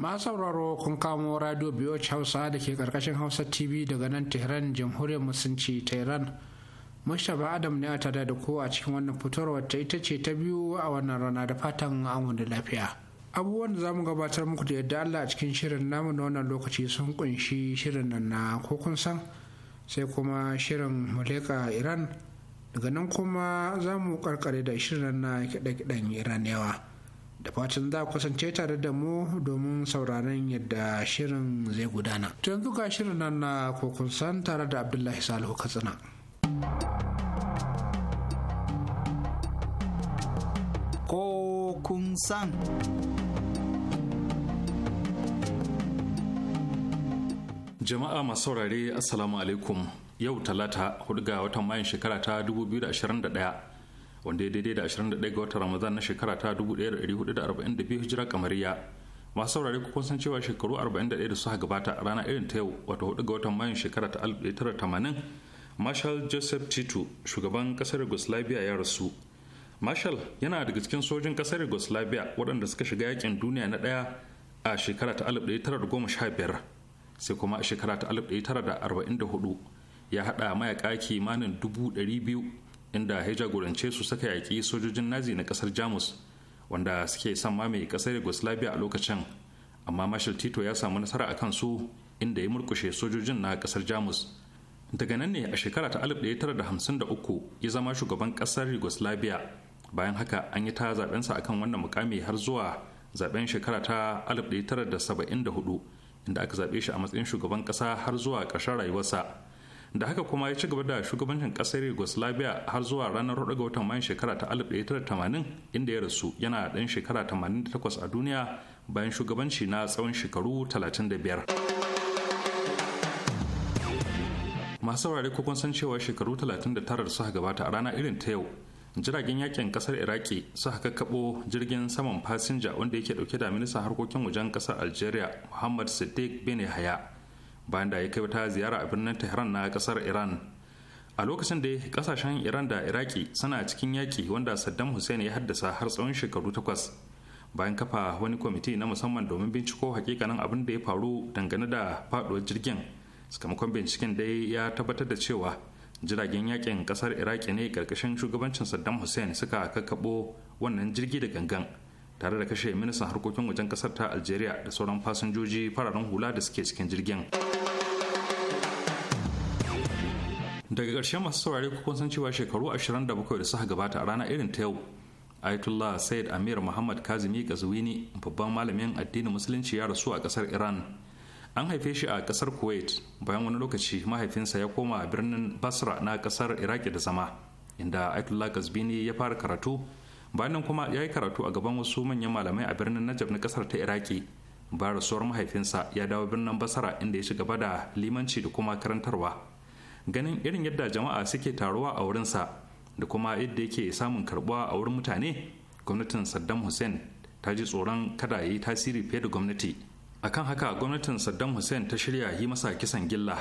masu sauraro kun kamo radio biyoci hausa da ke karkashin hausa tv daga nan tehran jamhuriyar musulunci ta iran mashaba adam ne a tare da ko a cikin wannan fitarwar ta ita ce ta biyu a wannan rana da fatan an da lafiya abubuwan da za mu gabatar muku da yadda allah a cikin shirin namu na wannan lokaci sun kunshi shirin nan na ko san sai kuma shirin muleka iran daga nan kuma za mu karkare da shirin na kiɗe-kiɗen yawa da fatan za ku kasance tare da mu domin sauraron yadda shirin zai gudana. To yanzu ga shirin nan na kokunsan tare da Abdullahi Salihu Katsina. san. Jama'a masu saurare Assalamu alaikum yau talata 4 ga watan mayan shekara ta 2021 wanda ya daidai da 21 ga watan ramadan na shekara ta 1442 hijira kamariya masu saurare kun san cewa shekaru 41 da suka gabata a rana irin ta yau wato 4 ga watan mayun shekara ta 1980 marshal joseph tito shugaban kasar yugoslavia ya rasu marshal yana daga cikin sojin kasar yugoslavia waɗanda suka shiga yakin duniya na ɗaya a shekara ta 1915 sai kuma a shekara ta 1944 ya haɗa mayaka kimanin 200 inda ya jagorance su saka yaƙi sojojin nazi na ƙasar jamus wanda suke son mamaye ƙasar yugoslavia a lokacin amma marshal tito ya samu nasara a kansu inda ya murkushe sojojin na ƙasar jamus daga nan ne a shekara ta 1953 ya zama shugaban ƙasar yugoslavia bayan haka an yi ta zaɓensa akan wannan mukami har zuwa zaɓen shekara ta 1974 inda aka zaɓe shi a matsayin shugaban ƙasa har zuwa ƙarshen rayuwarsa da haka kuma ya ci gaba da shugabancin kasar yugoslavia har zuwa ranar 4 ga watan mayan shekara ta 1980 inda ya rasu yana dan shekara 88 a duniya bayan shugabanci na tsawon shekaru 35 masu saurare ko san cewa shekaru 39 suka gabata a rana irin ta yau jiragen yakin kasar iraki suka kakkabo jirgin saman fasinja wanda yake dauke da ministan harkokin wajen kasar algeria muhammad siddiq bin haya bayan da ya kai wata ziyara a birnin tehran na kasar iran a lokacin da kasashen iran da iraki suna cikin yaki wanda saddam hussein ya haddasa har tsawon shekaru takwas bayan kafa wani kwamiti na musamman domin binciko hakikanin abin da ya faru dangane da faduwar jirgin sakamakon binciken dai ya tabbatar da cewa jiragen yakin kasar iraki ne karkashin shugabancin saddam hussein suka kakkaɓo wannan jirgi da gangan tare da kashe ministan harkokin wajen kasar ta algeria da sauran fasinjoji fararen hula da suke cikin jirgin daga ƙarshe masu saurare kukun san cewa shekaru 27 da suka gabata a ranar irin ta yau ayatollah said amir muhammad kazimi gazwini babban malamin addinin musulunci ya rasu a ƙasar iran an haife shi a ƙasar kuwait bayan wani lokaci mahaifinsa ya koma birnin basra na ƙasar iraki da zama inda ayatollah gazbini ya fara karatu bayan kuma ya yi karatu a gaban wasu manyan malamai a birnin najab na kasar ta iraki bayan rasuwar mahaifinsa ya dawo birnin basara inda ya shiga da limanci da kuma karantarwa ganin irin yadda jama'a suke taruwa a wurinsa da kuma yadda yake samun karbuwa a wurin mutane gwamnatin saddam hussein ta ji tsoron kada ya yi tasiri fiye da gwamnati akan haka gwamnatin saddam hussein ta shirya yi masa kisan gilla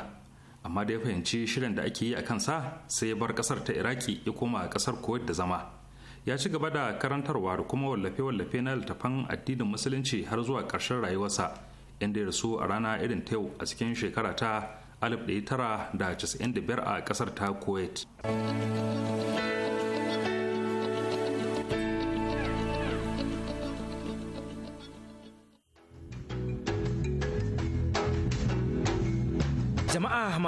amma da ya fahimci shirin da ake yi a kansa sai ya bar kasar ta iraki ya koma kasar kuwait da zama ya ci gaba da karantarwa da kuma wallafe-wallafe na littafan addinin musulunci har zuwa ƙarshen rayuwarsa inda ya rasu a rana irin ta a cikin shekara ta 1995 a ƙasar ta kuwait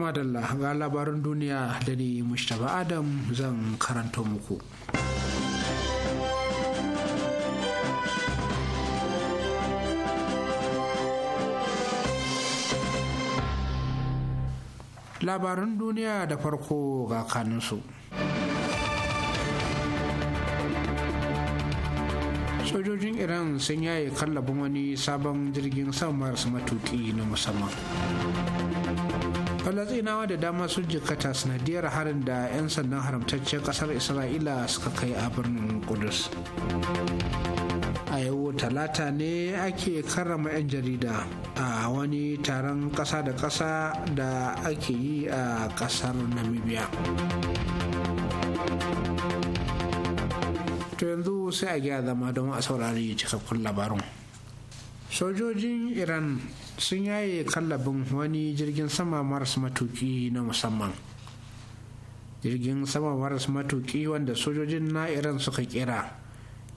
madalla ga labarin duniya da ni mustapha adam zan karanta muku Labarin duniya da farko ga kaninsu sojojin iran sun yaye kallabin wani sabon jirgin samar su matuki na musamman falazinawa da dama sun jikata sanadiyar harin da 'yan sandan haramtaccen kasar isra'ila suka kai a birnin kudus a yau talata ne ake karrama 'yan jarida a wani taron kasa da kasa da ake yi a kasar namibia to yanzu sai a gyara zama don a saurari cikakkun labarun. sojojin iran sun yaye kallabin wani jirgin sama maras matuki na musamman jirgin sama maras matuki wanda sojojin na iran suka kira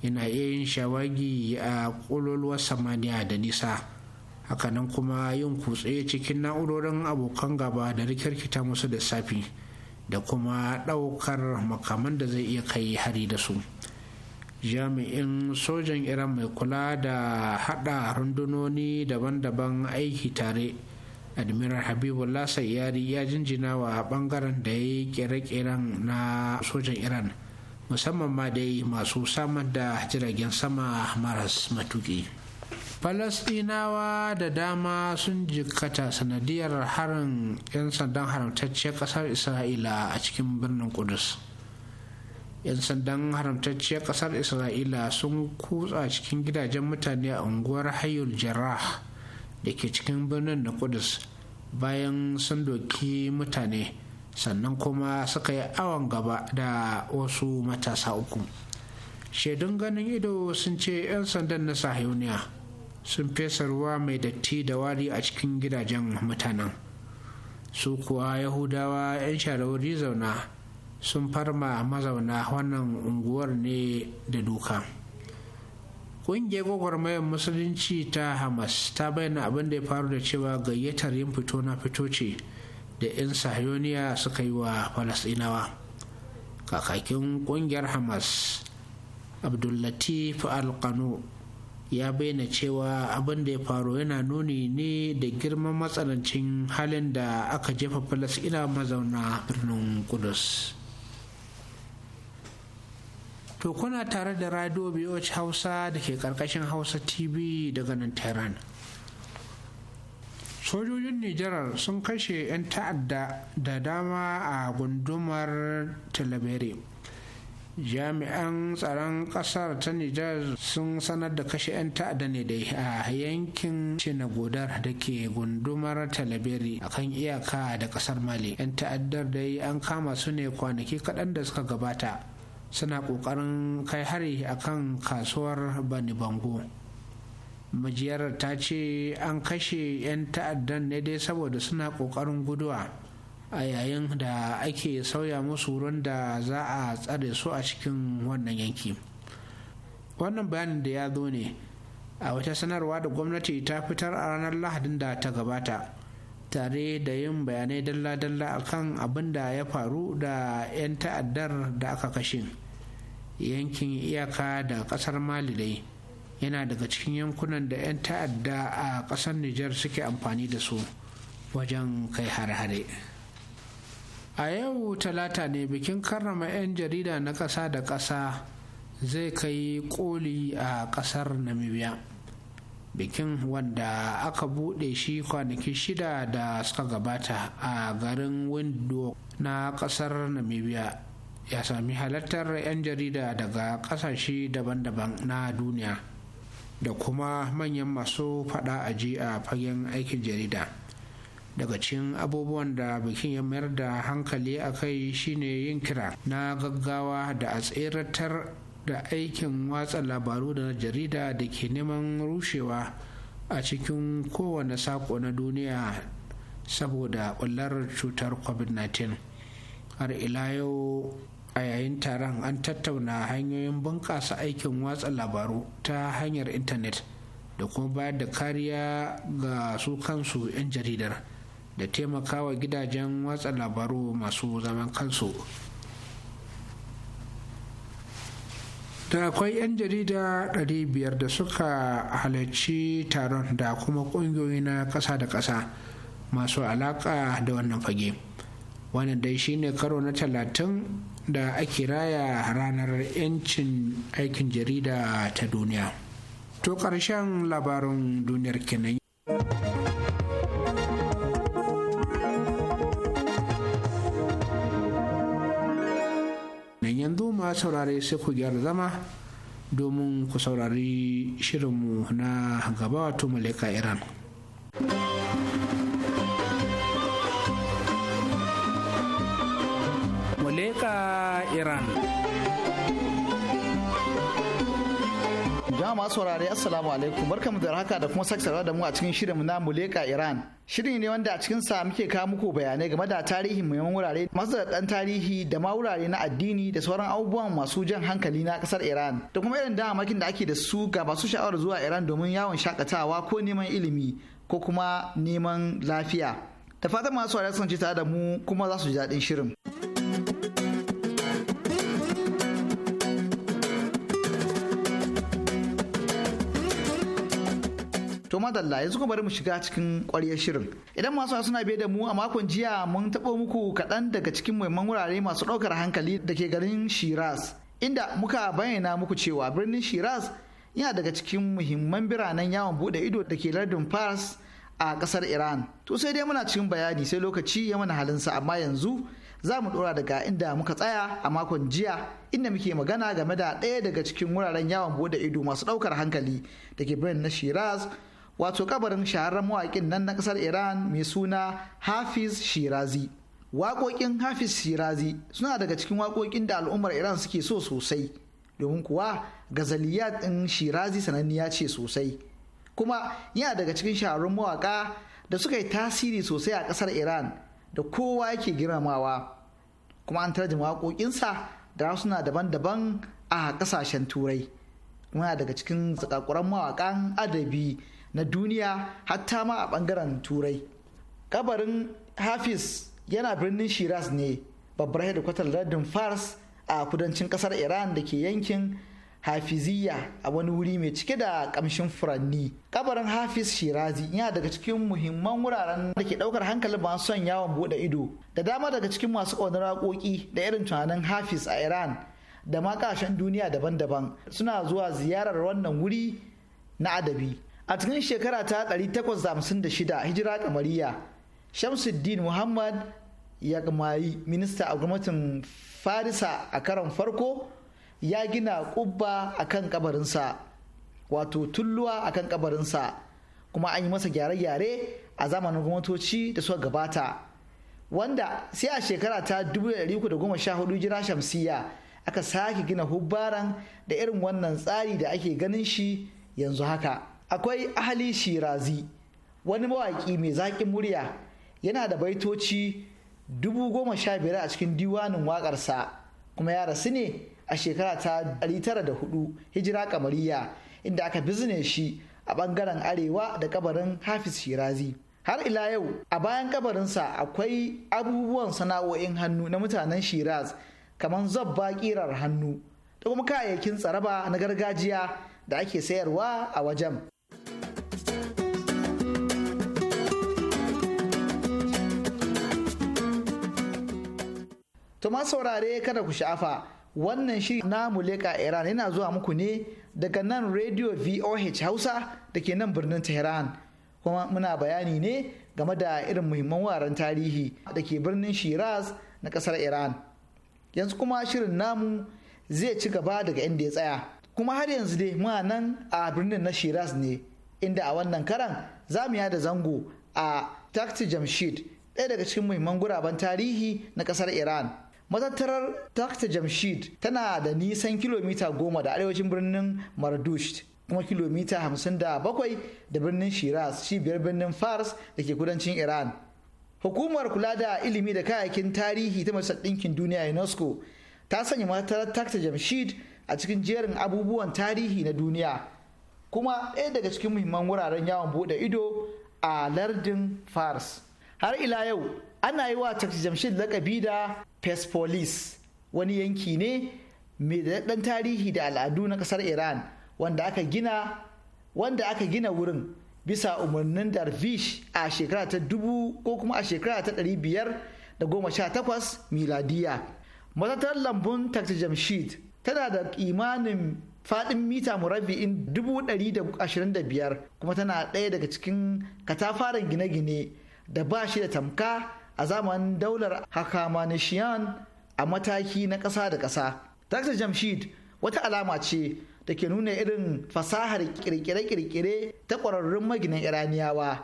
yana iya yin shawagi a kololuwar samaniya da nisa hakanan kuma yin kutse cikin na'urorin abokan gaba da rikirkita musu da safi da kuma ɗaukar makaman da zai iya kai hari da su. jami'in sojan iran mai kula da hada rundunoni daban-daban aiki tare admiral habibullah sayyari ya jinjina wa bangaren da ya yi kere-keren na sojan iran musamman ma dai masu samar da jiragen sama maras matuki. falasdinawa da dama sun jikkata sanadiyar harin 'yan sandan haramtacciyar kasar isra'ila a cikin birnin kudus 'yan sandan haramtacciyar kasar isra'ila sun kutsa cikin gidajen mutane a unguwar hayul jarrah da ke cikin birnin na kudus bayan sun doki mutane sannan kuma suka yi awon gaba da wasu matasa uku shaidun ganin ido sun ce 'yan sandan na sahiyoniya sun fesa ruwa mai datti da wari a cikin gidajen mutanen su kuwa yahudawa 'yan sharawari zauna sun farma mazauna wannan unguwar ne da duka. ƙungiyar gwagwarmayar musulunci ta hamas ta bayyana abin da ya faru da cewa gayyatar yin fito na fito ce da 'yan sahiyoniya suka yi wa falasinawa kakakin ƙungiyar hamas abdullatif alkano ya bayyana cewa abin da ya faru yana nuni ne da girman matsanancin halin da aka jefa Falasɗina mazauna birnin kudus. to kuna tare da radio boh hausa da ke karkashin hausa tv daga nan tehran sojojin nijar sun kashe 'yan ta'adda da dama a gundumar talabere jami'an tsaron ƙasar ta nijar sun sanar da kashe 'yan ta'adda ne dai a yankin shinagodar da ke gundumar talabere a kan iyaka da ƙasar mali 'yan ta'addar dai an kama su ne kwanaki kaɗan da suka gabata suna ƙoƙarin kai hari a kan kasuwar Bango. majiyar ta ce an kashe 'yan ta'addan ne dai saboda suna ƙoƙarin guduwa a yayin da ake sauya musu wurin da za a tsare su a cikin wannan yanki wannan bayanin da ya zo ne a wata sanarwa da gwamnati ta fitar a ranar lahadin da ta gabata tare da yin bayanai dalla-dalla a kan abin da ya faru da 'yan ta'addar da aka kashe yankin iyaka da kasar mali dai yana daga cikin yankunan da 'yan ta'adda a kasar niger suke amfani da su wajen kai har-hare a yau talata ne bikin karrama 'yan jarida na kasa da kasa zai kai koli a ƙasar namibia bikin wanda aka bude shi kwanaki shida da suka gabata a garin windo na ƙasar namibia ya sami halartar 'yan jarida daga kasashe daban-daban na duniya da kuma manyan masu fada ji a fagen aikin jarida daga cikin abubuwan da bikin ya mayar da hankali a kai shine yin kira na gaggawa da a tseratar da aikin watsa labaru da jarida da ke neman rushewa a cikin kowane sako na duniya saboda ɓullar cutar covid-19 har ila yau a yayin taron an tattauna hanyoyin bunƙasa aikin watsa labaru ta hanyar intanet da kuma bayar da kariya ga su kansu 'yan jaridar da taimakawa gidajen watsa labaru masu zaman kansu da akwai 'yan jarida 500 da suka halarci taron da kuma ƙungiyoyi na ƙasa da ƙasa masu alaƙa da wannan fage wannan dai shine karo na talatin da ake raya ranar 'yancin aikin jarida ta duniya. To ƙarshen labarin duniyar kenan. yanzu ma saurare sai ku gyara zama domin ku saurari shirinmu na gaba wato malika iran. Iran. Jama'a masu Assalamu alaikum barkamu da haka da kuma sake da mu a cikin shirin na Muleka Iran. Shirin ne wanda a cikin sa muke kawo muku bayanai game da tarihin muhimman wurare masu da dan tarihi da ma wurare na addini da sauran abubuwan masu jan hankali na kasar Iran da kuma irin damakin da ake da su ga masu sha'awar zuwa Iran domin yawon shakatawa ko neman ilimi ko kuma neman lafiya. Da fatan masu saurare sun ji tare da mu kuma za su ji daɗin shirin. To madalla yanzu kuma bari mu shiga cikin ƙwaryar shirin. Idan masu suna biye da mu a makon jiya mun taɓo muku kaɗan daga cikin muhimman wurare masu ɗaukar hankali da ke garin Shiraz. Inda muka bayyana muku cewa birnin Shiraz yana daga cikin muhimman biranen yawon buɗe ido da ke lardin Fars a ƙasar Iran. To sai dai muna cikin bayani sai lokaci ya mana halinsa amma yanzu za mu ɗora daga inda muka tsaya a makon jiya inda muke magana game da ɗaya daga cikin wuraren yawon buɗe ido masu ɗaukar hankali da ke birnin na Shiraz wato kabarin shahararren mawaƙin nan na ƙasar iran mai suna hafiz shirazi waƙoƙin hafiz shirazi suna daga cikin waƙoƙin da al'ummar iran suke so sosai domin kuwa gazaliyat ɗin shirazi sananniya ce sosai kuma yana daga cikin shahararrun mawaƙa da suka yi tasiri sosai a ƙasar iran da kowa yake girmamawa kuma an tarjima waƙoƙinsa da suna daban-daban a ƙasashen turai kuma daga cikin zakakuran mawaƙan adabi na duniya hatta ma a bangaren turai kabarin hafiz yana birnin shiraz ne babbar hedikwatar lardin fars a kudancin kasar iran da ke yankin hafiziya a wani wuri mai cike da kamshin furanni kabarin hafiz shirazi yana daga cikin muhimman wuraren da ke daukar hankalin masu son yawon bude ido da dama daga cikin masu ƙaunar waƙoƙi da irin tunanin hafiz a iran da ma duniya daban-daban suna zuwa ziyarar wannan wuri na adabi a cikin shekara ta 856 hijira kamariya shamsuddin muhammad ya kamayi minista a gwamnatin farisa a karon farko ya gina kubba a kan kabarinsa wato tulluwa a kan kabarinsa kuma an yi masa gyare-gyare a zamanin gwamnatoci da suka gabata wanda sai a shekara ta 1314 jira shamsiya aka sake gina hubbaran da irin wannan tsari da ake ganin shi yanzu haka. akwai ahali shirazi wani mawaƙi mai zaƙin murya yana da baitoci dubu goma sha biyar a cikin diwanin waƙarsa kuma ya rasu ne a shekara ta hudu hijira kamariya inda aka bizne shi a ɓangaren arewa da kabarin hafiz shirazi har ila yau a bayan kabarinsa akwai abubuwan sana'o'in hannu na mutanen shiraz kamar zabba kirar hannu da kuma kayayyakin tsaraba na gargajiya da ake sayarwa a wajen ma saurare kada ku sha'afa wannan shi na muleka iran yana zuwa muku ne daga nan radio voh hausa da ke nan birnin tehran kuma muna bayani ne game da irin muhimman wuraren tarihi da ke birnin shiraz na kasar iran yanzu kuma shirin namu zai ci gaba daga inda ya tsaya kuma har yanzu dai muna nan a birnin na shiraz ne inda a wannan karan za mu yada zango a takti jamshid ɗaya daga cikin muhimman guraben tarihi na ƙasar iran matattarar takta jamshid tana da nisan kilomita goma da arewacin birnin mardush kuma kilomita hamsin da bakwai da birnin shiraz cibiyar birnin fars da ke kudancin iran hukumar kula da ilimi da kayayyakin tarihi ta majalisar ɗinkin duniya unesco ta sanya matattarar takta jamshid a cikin jerin abubuwan tarihi na duniya kuma ɗaya daga cikin muhimman wuraren yawon buɗe ido a lardin fars har ila yau ana yi wa jamshid lakabi da persepolis wani yanki ne mai daɗaɗɗen tarihi da al'adu na ƙasar iran wanda aka gina wanda aka gina wurin bisa umarnin darvish a shekara ta dubu ko kuma a shekara ta ɗari biyar da goma sha takwas miladiya matatar lambun taxi jamshid tana da imanin faɗin mita murabbi'in dubu ɗari da ashirin da biyar kuma tana ɗaya daga cikin katafaren gine-gine da ba shi da tamka a zamanin daular Hakamanishiyan a mataki na ƙasa da ƙasa. Dr. Jamshid wata alama ce da ke nuna irin fasahar kirkire-kirkire ta ƙwararrun maginan Iraniyawa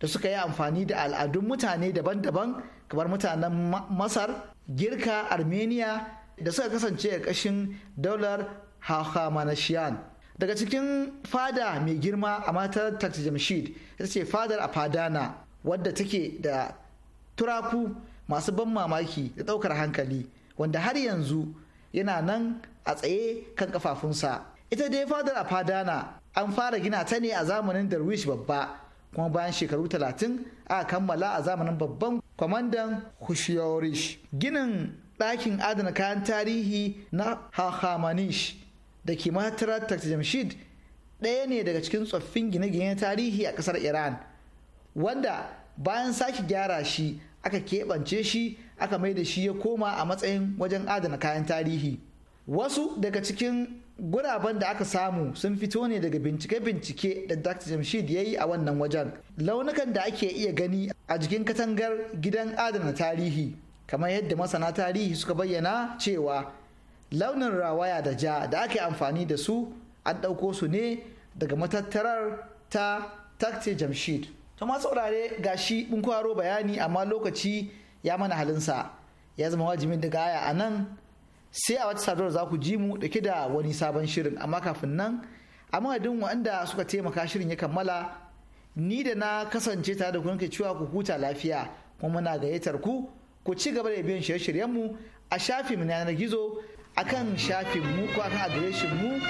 da suka yi amfani da al'adun mutane daban-daban kamar mutanen Masar, Girka, Armenia da suka kasance a ƙashin daular Hakamanishiyan. Daga cikin fada mai girma a matar Dr. Jamshid ita ce fadar Apadana wadda take da turaku masu ban mamaki da ɗaukar hankali wanda har yanzu yana nan a tsaye kan kafafunsa ita dai fadar a fadana an fara gina ta ne a zamanin darwish babba kuma bayan shekaru talatin aka kammala a zamanin babban kwamandan hushiyorish ginin ɗakin adana kayan tarihi na hahamanish da ke matarar jamshid ɗaya ne daga cikin tsoffin gine gine tarihi a ƙasar iran wanda bayan sake gyara shi aka keɓance shi aka mai da shi ya koma a matsayin wajen adana kayan tarihi wasu daga cikin guraben da aka samu sun fito ne daga bincike-bincike da dr jamshid ya yi a wannan wajen launukan da ake iya gani a jikin katangar gidan adana tarihi kamar yadda masana tarihi suka bayyana cewa launin rawaya da ja da ake amfani da su an ɗauko su ne daga matattarar ta takte jamshid to ma saurare gashi mun kwaro bayani amma lokaci ya mana halinsa ya zama wajibin da gaya a nan sai a wata sadarwa za ku ji mu da da wani sabon shirin amma kafin nan a madadin wanda suka taimaka shirin ya kammala ni da na kasance tare da kunke cewa ku huta lafiya kuma muna gayyatar ku ku ci gaba da biyan shirye shiryen mu a shafin na yanar gizo akan mu ko akan adireshin mu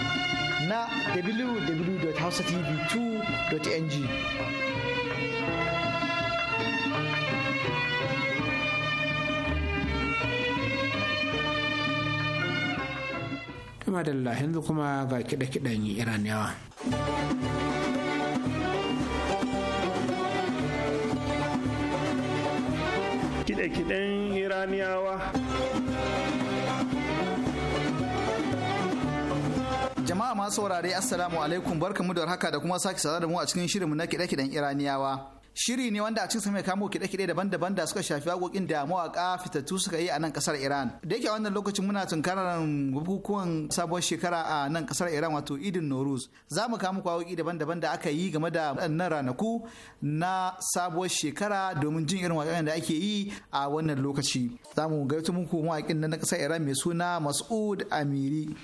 na www.hausatv2.ng Tuma da yanzu kuma ga kiɗe-kiɗen Iraniyawa. Kiɗe-kiɗen Iraniyawa. Jama'a masu saurare Assalamu alaikum barkamu da haka da kuma sake sada da mu a cikin shirinmu na kiɗe-kiɗen Iraniyawa. shiri ne wanda a cikin mai kamo kide-kide daban-daban da suka shafi haƙoƙin da mawaƙa fitattu suka yi a nan ƙasar Iran. Da yake wannan lokacin muna tunkarar bukukuwan sabuwar shekara a nan ƙasar Iran wato Idin Noruz. Za mu kamo kwawoki daban-daban da aka yi game da waɗannan ranaku na sabuwar shekara domin jin irin waƙoƙin da ake yi a wannan lokaci. Za mu gaito muku mawaƙin na ƙasar Iran mai suna Mas'ud Amiri.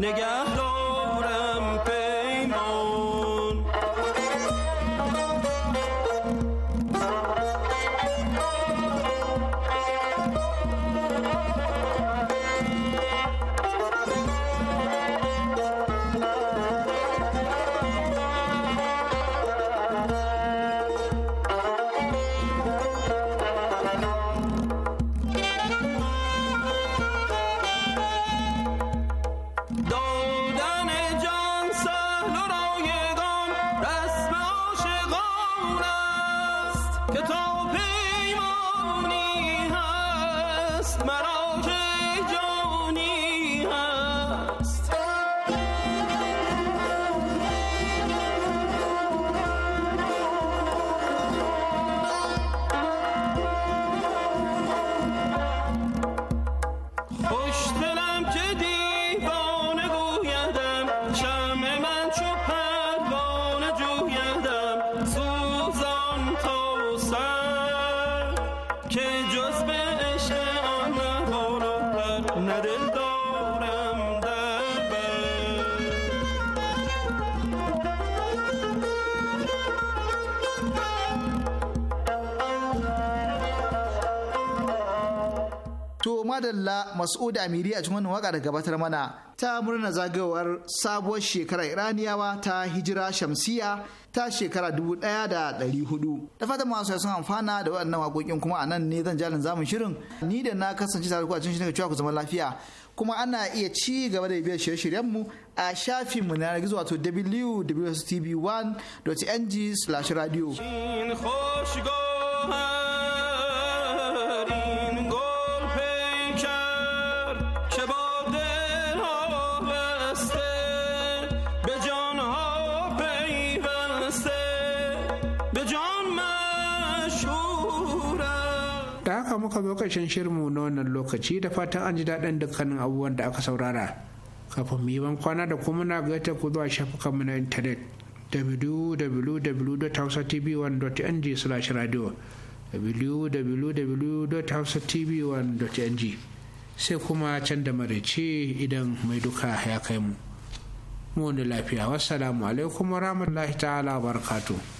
nigga madalla mas'ud amiri a cikin wannan waka da gabatar mana ta murna zagayowar sabuwar shekara iraniyawa ta hijira shamsiya ta shekara 1400 da fatan masu sun amfana da waɗannan waƙoƙin kuma a nan ne zan jalin zamun shirin ni da na kasance tare ku a cikin shirin cewa ku zama lafiya kuma ana iya ci gaba da biyar shirye-shiryenmu a shafin mu na gizo wato www.tv1.ng/radio kafa lokacin ƙarshen shirinmu na wannan lokaci da fatan an ji daɗin dukkanin abubuwan da aka saurara kafin mu yi kwana da kuma na gaita ku zuwa shafukanmu na intanet www.hausatv1.ng slash radio www.hausatv1.ng sai kuma can da maraice idan mai duka ya kai mu mu wani lafiya wassalamu alaikum wa rahmatullahi ta'ala barakatuh